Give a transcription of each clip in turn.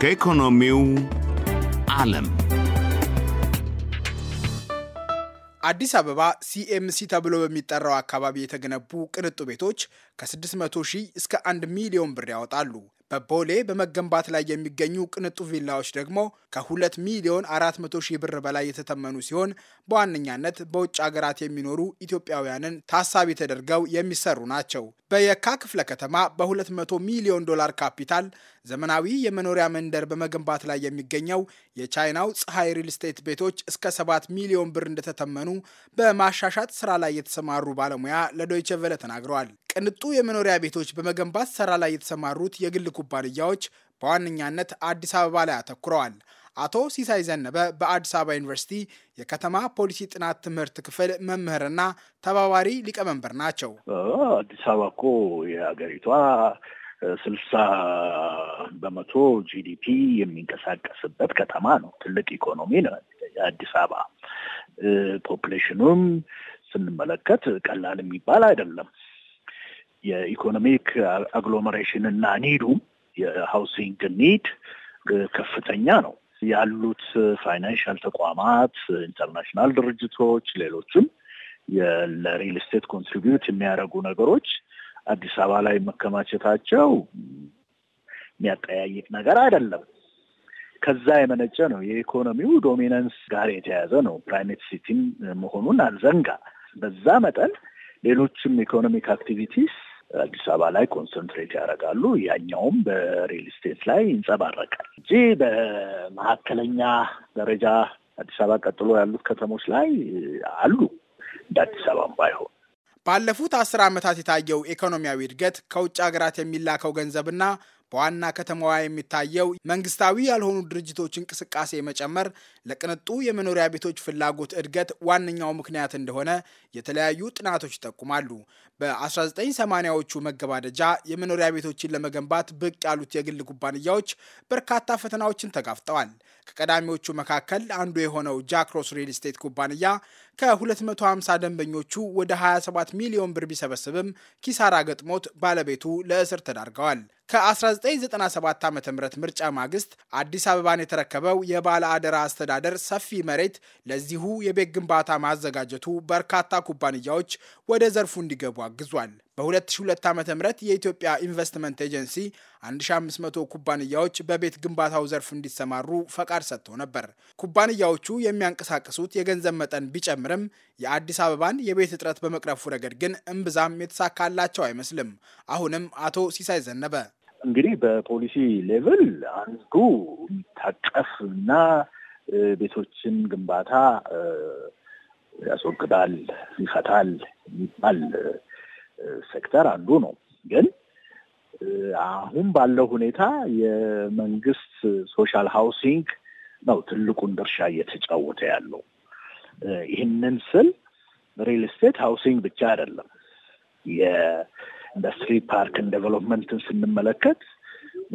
ከኢኮኖሚው ዓለም አዲስ አበባ ሲኤምሲ ተብሎ በሚጠራው አካባቢ የተገነቡ ቅንጡ ቤቶች ከ600 ሺህ እስከ 1 ሚሊዮን ብር ያወጣሉ። በቦሌ በመገንባት ላይ የሚገኙ ቅንጡ ቪላዎች ደግሞ ከ2 ሚሊዮን 400 ሺህ ብር በላይ የተተመኑ ሲሆን በዋነኛነት በውጭ ሀገራት የሚኖሩ ኢትዮጵያውያንን ታሳቢ ተደርገው የሚሰሩ ናቸው። በየካ ክፍለ ከተማ በ200 ሚሊዮን ዶላር ካፒታል ዘመናዊ የመኖሪያ መንደር በመገንባት ላይ የሚገኘው የቻይናው ፀሐይ ሪል ስቴት ቤቶች እስከ 7 ሚሊዮን ብር እንደተተመኑ በማሻሻጥ ስራ ላይ የተሰማሩ ባለሙያ ለዶይቸ ቬለ ተናግረዋል። ቅንጡ የመኖሪያ ቤቶች በመገንባት ስራ ላይ የተሰማሩት የግል ኩባንያዎች በዋነኛነት አዲስ አበባ ላይ አተኩረዋል። አቶ ሲሳይ ዘነበ በአዲስ አበባ ዩኒቨርሲቲ የከተማ ፖሊሲ ጥናት ትምህርት ክፍል መምህርና ተባባሪ ሊቀመንበር ናቸው። አዲስ አበባ እኮ የሀገሪቷ ስልሳ በመቶ ጂዲፒ የሚንቀሳቀስበት ከተማ ነው። ትልቅ ኢኮኖሚ ነው የአዲስ አበባ። ፖፕሌሽኑም ስንመለከት ቀላል የሚባል አይደለም። የኢኮኖሚክ አግሎሜሬሽን እና ኒዱ የሀውሲንግ ኒድ ከፍተኛ ነው። ያሉት ፋይናንሻል ተቋማት፣ ኢንተርናሽናል ድርጅቶች፣ ሌሎችም ለሪል ስቴት ኮንትሪቢዩት የሚያደርጉ ነገሮች አዲስ አበባ ላይ መከማቸታቸው የሚያጠያይቅ ነገር አይደለም። ከዛ የመነጨ ነው። የኢኮኖሚው ዶሚናንስ ጋር የተያያዘ ነው። ፕራይሜት ሲቲን መሆኑን አልዘንጋ። በዛ መጠን ሌሎችም ኢኮኖሚክ አክቲቪቲስ አዲስ አበባ ላይ ኮንሰንትሬት ያደርጋሉ። ያኛውም በሪል ስቴት ላይ ይንጸባረቃል እንጂ በመካከለኛ ደረጃ አዲስ አበባ ቀጥሎ ያሉት ከተሞች ላይ አሉ እንደ አዲስ አበባም ባይሆን ባለፉት አስር ዓመታት የታየው ኢኮኖሚያዊ እድገት ከውጭ ሀገራት የሚላከው ገንዘብና በዋና ከተማዋ የሚታየው መንግስታዊ ያልሆኑ ድርጅቶች እንቅስቃሴ መጨመር ለቅንጡ የመኖሪያ ቤቶች ፍላጎት እድገት ዋነኛው ምክንያት እንደሆነ የተለያዩ ጥናቶች ይጠቁማሉ። በ1980ዎቹ መገባደጃ የመኖሪያ ቤቶችን ለመገንባት ብቅ ያሉት የግል ኩባንያዎች በርካታ ፈተናዎችን ተጋፍጠዋል። ከቀዳሚዎቹ መካከል አንዱ የሆነው ጃክሮስ ሪል ስቴት ኩባንያ ከ250 ደንበኞቹ ወደ 27 ሚሊዮን ብር ቢሰበስብም ኪሳራ ገጥሞት ባለቤቱ ለእስር ተዳርገዋል። ከ1997 ዓ ም ምርጫ ማግስት አዲስ አበባን የተረከበው የባለ አደራ አስተዳደር ሰፊ መሬት ለዚሁ የቤት ግንባታ ማዘጋጀቱ በርካታ ኩባንያዎች ወደ ዘርፉ እንዲገቡ አግዟል። በ2002 ዓ.ም የኢትዮጵያ ኢንቨስትመንት ኤጀንሲ 1500 ኩባንያዎች በቤት ግንባታው ዘርፍ እንዲሰማሩ ፈቃድ ሰጥቶ ነበር። ኩባንያዎቹ የሚያንቀሳቅሱት የገንዘብ መጠን ቢጨምርም የአዲስ አበባን የቤት እጥረት በመቅረፉ ረገድ ግን እምብዛም የተሳካላቸው አይመስልም። አሁንም አቶ ሲሳይ ዘነበ እንግዲህ በፖሊሲ ሌቭል አንዱ ታቀፍ እና ቤቶችን ግንባታ ያስወግዳል፣ ይፈታል የሚባል ሴክተር አንዱ ነው። ግን አሁን ባለው ሁኔታ የመንግስት ሶሻል ሃውሲንግ ነው ትልቁን ድርሻ እየተጫወተ ያለው። ይህንን ስል ሪል ስቴት ሃውሲንግ ብቻ አይደለም። የኢንዱስትሪ ፓርክን ዴቨሎፕመንትን ስንመለከት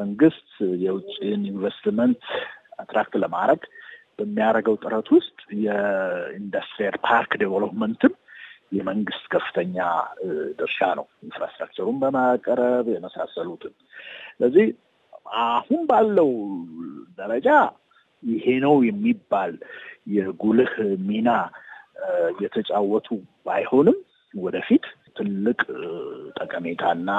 መንግስት የውጭን ኢንቨስትመንት አትራክት ለማድረግ በሚያደርገው ጥረት ውስጥ የኢንዱስትሪያል ፓርክ ዴቨሎፕመንትም የመንግስት ከፍተኛ ድርሻ ነው። ኢንፍራስትራክቸሩን በማቀረብ የመሳሰሉትን። ስለዚህ አሁን ባለው ደረጃ ይሄ ነው የሚባል የጉልህ ሚና የተጫወቱ ባይሆንም ወደፊት ትልቅ ጠቀሜታና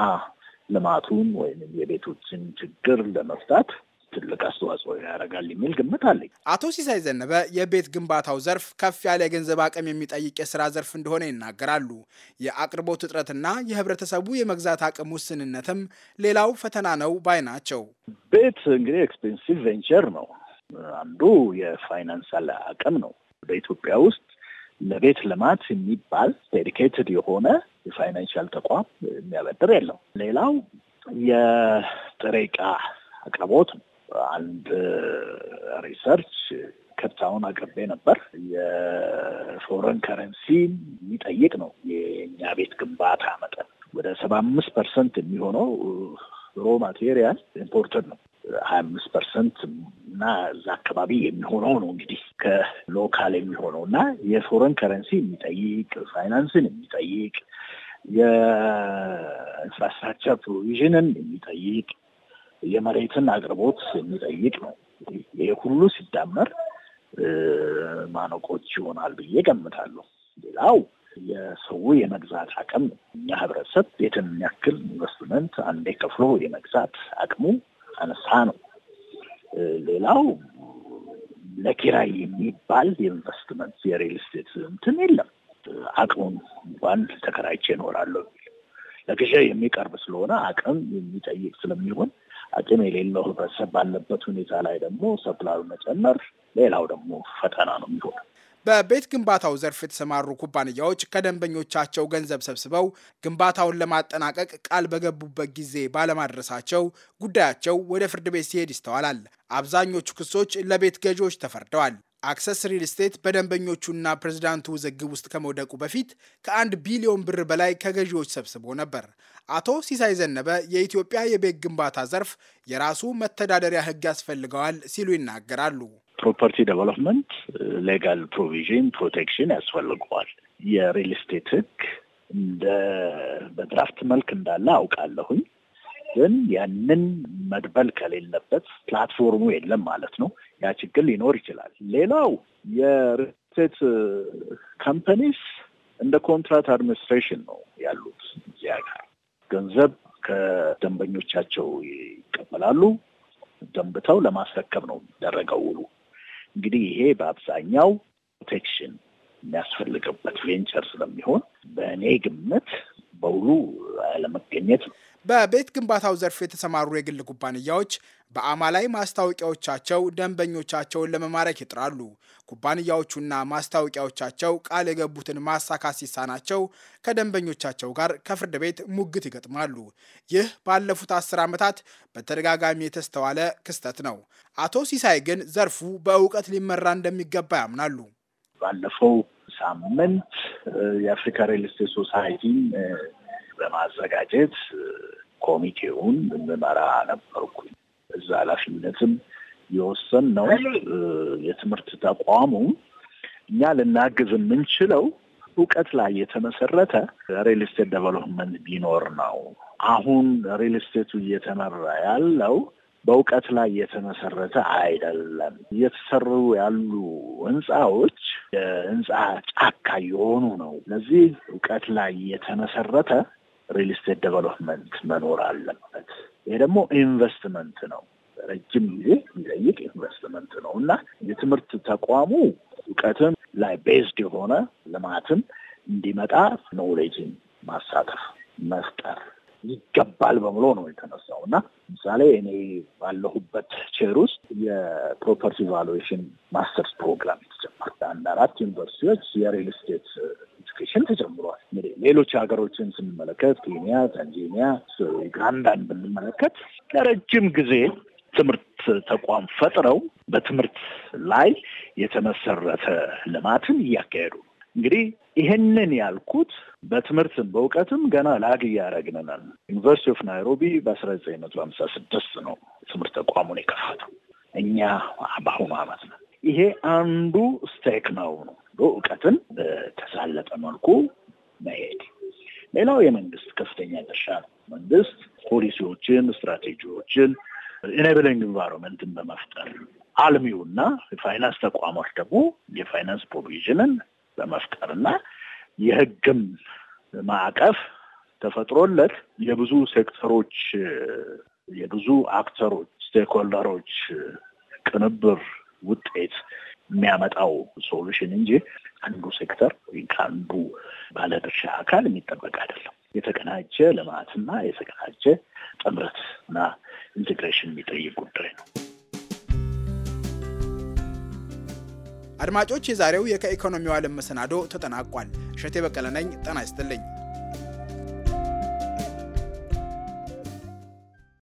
ልማቱን ወይም የቤቶችን ችግር ለመፍታት ትልቅ አስተዋጽኦ ያደርጋል የሚል ግምት አለኝ። አቶ ሲሳይ ዘነበ የቤት ግንባታው ዘርፍ ከፍ ያለ የገንዘብ አቅም የሚጠይቅ የስራ ዘርፍ እንደሆነ ይናገራሉ። የአቅርቦት እጥረትና የህብረተሰቡ የመግዛት አቅም ውስንነትም ሌላው ፈተና ነው ባይ ናቸው። ቤት እንግዲህ ኤክስፔንሲቭ ቬንቸር ነው። አንዱ የፋይናንሳል አቅም ነው። በኢትዮጵያ ውስጥ ለቤት ልማት የሚባል ዴዲኬትድ የሆነ የፋይናንሻል ተቋም የሚያበድር የለም። ሌላው የጥሬ ዕቃ አቅርቦት ነው። አንድ ሪሰርች uh, ከብታውን አቅርቤ ነበር። የፎረን ከረንሲ የሚጠይቅ ነው የእኛ ቤት ግንባታ መጠን ወደ ሰባ አምስት ፐርሰንት የሚሆነው ሮ ማቴሪያል ኢምፖርተድ ነው። ሀያ አምስት ፐርሰንት እና እዛ አካባቢ የሚሆነው ነው እንግዲህ ከሎካል የሚሆነው እና የፎረን ከረንሲ የሚጠይቅ ፋይናንስን የሚጠይቅ የኢንፍራስትራክቸር ፕሮቪዥንን የሚጠይቅ የመሬትን አቅርቦት የሚጠይቅ ነው። ይህ ሁሉ ሲዳመር ማነቆች ይሆናል ብዬ ገምታለሁ። ሌላው የሰው የመግዛት አቅም እኛ ህብረተሰብ ቤትን የሚያክል ኢንቨስትመንት አንዴ ከፍሎ የመግዛት አቅሙ አነሳ ነው። ሌላው ለኪራይ የሚባል የኢንቨስትመንት የሪል ስቴት እንትን የለም። አቅሙን እንኳን ተከራይቼ እኖራለሁ ለግዢ የሚቀርብ ስለሆነ አቅም የሚጠይቅ ስለሚሆን አቅም የሌለው ህብረተሰብ ባለበት ሁኔታ ላይ ደግሞ ሰፕላዩ መጨመር ሌላው ደግሞ ፈተና ነው የሚሆነው። በቤት ግንባታው ዘርፍ የተሰማሩ ኩባንያዎች ከደንበኞቻቸው ገንዘብ ሰብስበው ግንባታውን ለማጠናቀቅ ቃል በገቡበት ጊዜ ባለማድረሳቸው ጉዳያቸው ወደ ፍርድ ቤት ሲሄድ ይስተዋላል። አብዛኞቹ ክሶች ለቤት ገዢዎች ተፈርደዋል። አክሰስ ሪል ስቴት በደንበኞቹና ፕሬዝዳንቱ ውዝግብ ውስጥ ከመውደቁ በፊት ከአንድ ቢሊዮን ብር በላይ ከገዢዎች ሰብስቦ ነበር። አቶ ሲሳይ ዘነበ የኢትዮጵያ የቤት ግንባታ ዘርፍ የራሱ መተዳደሪያ ሕግ ያስፈልገዋል ሲሉ ይናገራሉ። ፕሮፐርቲ ዴቨሎፕመንት ሌጋል ፕሮቪዥን ፕሮቴክሽን ያስፈልገዋል። የሪል ስቴት ሕግ እንደ በድራፍት መልክ እንዳለ አውቃለሁኝ፣ ግን ያንን መድበል ከሌለበት ፕላትፎርሙ የለም ማለት ነው። ያ ችግር ሊኖር ይችላል። ሌላው የሪል ካምፓኒስ እንደ ኮንትራት አድሚኒስትሬሽን ነው ያሉት። እዚያ ጋር ገንዘብ ከደንበኞቻቸው ይቀበላሉ። ደንብተው ለማስረከብ ነው የሚደረገው ውሉ። እንግዲህ ይሄ በአብዛኛው ፕሮቴክሽን የሚያስፈልግበት ቬንቸር ስለሚሆን በእኔ ግምት በውሉ አለመገኘት ነው። በቤት ግንባታው ዘርፍ የተሰማሩ የግል ኩባንያዎች በአማላይ ማስታወቂያዎቻቸው ደንበኞቻቸውን ለመማረክ ይጥራሉ። ኩባንያዎቹና ማስታወቂያዎቻቸው ቃል የገቡትን ማሳካት ሲሳናቸው ከደንበኞቻቸው ጋር ከፍርድ ቤት ሙግት ይገጥማሉ። ይህ ባለፉት አስር ዓመታት በተደጋጋሚ የተስተዋለ ክስተት ነው። አቶ ሲሳይ ግን ዘርፉ በእውቀት ሊመራ እንደሚገባ ያምናሉ። ባለፈው ሳምንት የአፍሪካ ሪል ስቴት ሶሳይቲን በማዘጋጀት ኮሚቴውን ምመራ ነበርኩኝ። እዛ ኃላፊነትም የወሰን ነው የትምህርት ተቋሙ እኛ ልናግዝ የምንችለው እውቀት ላይ የተመሰረተ ሪል ስቴት ዴቨሎፕመንት ቢኖር ነው። አሁን ሪል ስቴቱ እየተመራ ያለው በእውቀት ላይ የተመሰረተ አይደለም። እየተሰሩ ያሉ ህንፃዎች የህንፃ ጫካ የሆኑ ነው። ስለዚህ እውቀት ላይ የተመሰረተ ሪል ስቴት ዴቨሎፕመንት መኖር አለበት። ይሄ ደግሞ ኢንቨስትመንት ነው፣ ረጅም ጊዜ የሚጠይቅ ኢንቨስትመንት ነው እና የትምህርት ተቋሙ እውቀትም ላይ ቤዝድ የሆነ ልማትም እንዲመጣ ኖሌጅን ማሳተፍ መፍጠር ይገባል በምሎ ነው የተነሳው እና ምሳሌ እኔ ባለሁበት ቼር ውስጥ የፕሮፐርቲ ቫሉዌሽን ማስተርስ ፕሮግራም የተጀመረ አንድ አራት ዩኒቨርሲቲዎች የሪል ስቴት ኤዱኬሽን ተጀምሩ ሌሎች ሀገሮችን ስንመለከት ኬንያ፣ ታንዜኒያ፣ ዩጋንዳን ብንመለከት ለረጅም ጊዜ ትምህርት ተቋም ፈጥረው በትምህርት ላይ የተመሰረተ ልማትን እያካሄዱ ነው። እንግዲህ ይህንን ያልኩት በትምህርትም በእውቀትም ገና ላግ እያደረግንናል። ዩኒቨርሲቲ ኦፍ ናይሮቢ በአስራ ዘጠኝ መቶ ሀምሳ ስድስት ነው ትምህርት ተቋሙን የከፈተው እኛ በአሁኑ አመት ነው። ይሄ አንዱ ስቴክ ነው ነው እውቀትን በተሳለጠ መልኩ መሄድ። ሌላው የመንግስት ከፍተኛ ድርሻ ነው። መንግስት ፖሊሲዎችን፣ ስትራቴጂዎችን ኢኔብሊንግ ኢንቫይሮንመንትን በመፍጠር አልሚውና የፋይናንስ ተቋሞች ደግሞ የፋይናንስ ፕሮቪዥንን በመፍጠርና የህግም ማዕቀፍ ተፈጥሮለት የብዙ ሴክተሮች የብዙ አክተሮች ስቴክሆልደሮች ቅንብር ውጤት የሚያመጣው ሶሉሽን እንጂ አንዱ ሴክተር ከአንዱ ባለድርሻ አካል የሚጠበቅ አይደለም። የተቀናጀ ልማትና የተቀናጀ ጥምረትና ኢንቴግሬሽን የሚጠይቅ ጉዳይ ነው። አድማጮች፣ የዛሬው የከኢኮኖሚው ዓለም መሰናዶ ተጠናቋል። እሸቴ በቀለ ነኝ። ጤና ይስጥልኝ።